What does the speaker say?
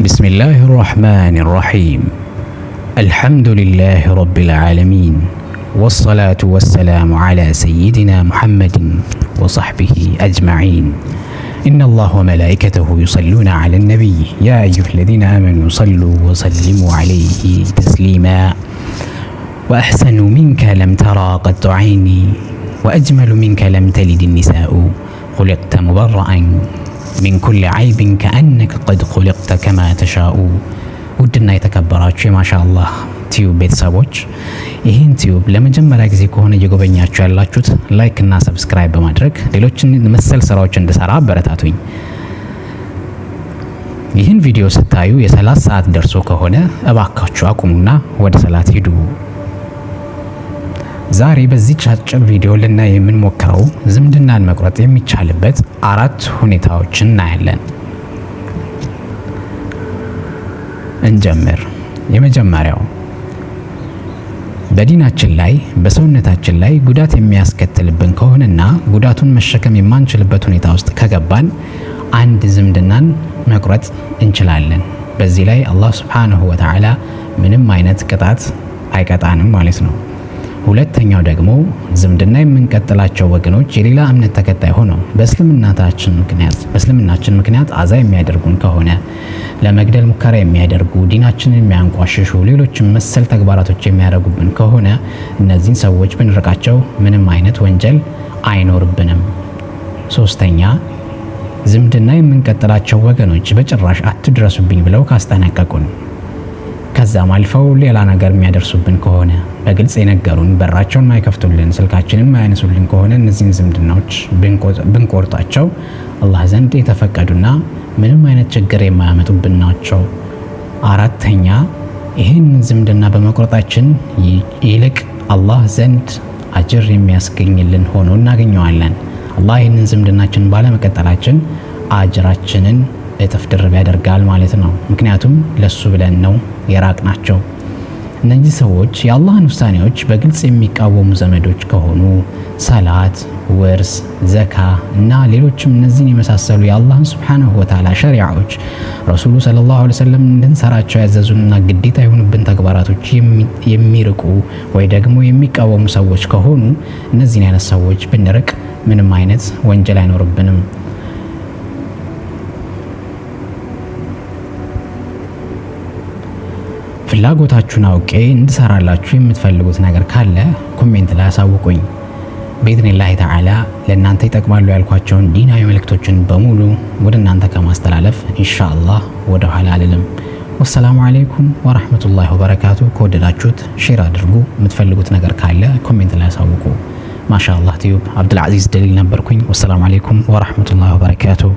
بسم الله الرحمن الرحيم الحمد لله رب العالمين والصلاة والسلام على سيدنا محمد وصحبه أجمعين إن الله وملائكته يصلون على النبي يا أيها الذين آمنوا صلوا وسلموا عليه تسليما وأحسن منك لم ترى قد عيني وأجمل منك لم تلد النساء خلقت مبرأ ሚን ኩል ዓይብን ከአነከ ቀድ ኹሊቅተ ከማ ተሻኡ። ውድና የተከበራችሁ የማሻ አላህ ቲዩብ ቤተሰቦች ይህን ቲዩብ ለመጀመሪያ ጊዜ ከሆነ እየጎበኛችሁ ያላችሁት ላይክ እና ሰብስክራይብ በማድረግ ሌሎችን መሰል ስራዎች እንድሰራ አበረታቱኝ። ይህን ቪዲዮ ስታዩ የሰላት ሰዓት ደርሶ ከሆነ እባካችሁ አቁሙና ወደ ሰላት ሂዱ። ዛሬ በዚህ አጭር ቪዲዮ ልናይ የምንሞክረው ዝምድናን መቁረጥ የሚቻልበት አራት ሁኔታዎችን እናያለን። እንጀምር። የመጀመሪያው በዲናችን ላይ በሰውነታችን ላይ ጉዳት የሚያስከትልብን ከሆነና ጉዳቱን መሸከም የማንችልበት ሁኔታ ውስጥ ከገባን አንድ ዝምድናን መቁረጥ እንችላለን። በዚህ ላይ አላህ ሱብሓነሁ ወተዓላ ምንም አይነት ቅጣት አይቀጣንም ማለት ነው። ሁለተኛው ደግሞ ዝምድና የምንቀጥላቸው ወገኖች የሌላ እምነት ተከታይ ሆነው በእስልምናታችን ምክንያት በእስልምናችን ምክንያት አዛ የሚያደርጉን ከሆነ ለመግደል ሙከራ የሚያደርጉ ዲናችንን የሚያንቋሽሹ ሌሎችም መሰል ተግባራቶች የሚያደርጉብን ከሆነ እነዚህን ሰዎች ብንርቃቸው ምንም አይነት ወንጀል አይኖርብንም። ሶስተኛ ዝምድና የምንቀጥላቸው ወገኖች በጭራሽ አትድረሱብኝ ብለው ካስጠነቀቁን ከዛም አልፈው ሌላ ነገር የሚያደርሱብን ከሆነ በግልጽ የነገሩን በራቸውን ማይከፍቱልን ስልካችንን ማያነሱልን ከሆነ እነዚህን ዝምድናዎች ብንቆርጣቸው አላህ ዘንድ የተፈቀዱና ምንም አይነት ችግር የማያመጡብን ናቸው። አራተኛ ይህን ዝምድና በመቁረጣችን ይልቅ አላህ ዘንድ አጅር የሚያስገኝልን ሆኖ እናገኘዋለን። አላህ ይህንን ዝምድናችን ባለመቀጠላችን አጅራችንን እጥፍ ድርብ ያደርጋል ማለት ነው። ምክንያቱም ለሱ ብለን ነው የራቅ ናቸው። እነዚህ ሰዎች የአላህን ውሳኔዎች በግልጽ የሚቃወሙ ዘመዶች ከሆኑ ሰላት፣ ውርስ፣ ዘካ እና ሌሎችም እነዚህን የመሳሰሉ የአላህን ሱብሓነሁ ወተዓላ ሸሪዓዎች ረሱሉ ሰለላሁ ዐለይሂ ወሰለም እንድንሰራቸው ያዘዙንና ግዴታ የሆኑብን ተግባራቶች የሚርቁ ወይ ደግሞ የሚቃወሙ ሰዎች ከሆኑ እነዚህን አይነት ሰዎች ብንርቅ ምንም አይነት ወንጀል አይኖርብንም። ፍላጎታችሁን አውቄ እንድሰራላችሁ የምትፈልጉት ነገር ካለ ኮሜንት ላይ አሳውቁኝ። በኢዝኒላሂ ተዓላ ለእናንተ ይጠቅማሉ ያልኳቸውን ዲናዊ መልእክቶችን በሙሉ ወደ እናንተ ከማስተላለፍ ኢንሻአላህ ወደ ኋላ አልልም። ወሰላሙ አለይኩም ወራህመቱላሂ ወበረካቱ። ከወደዳችሁት ሼር አድርጉ። የምትፈልጉት ነገር ካለ ኮሜንት ላይ አሳውቁ። ማሻአላህ ትዩብ አብዱልዓዚዝ ደሊል ነበርኩኝ። ወሰላሙ አለይኩም ወራህመቱላሂ ወበረካቱ።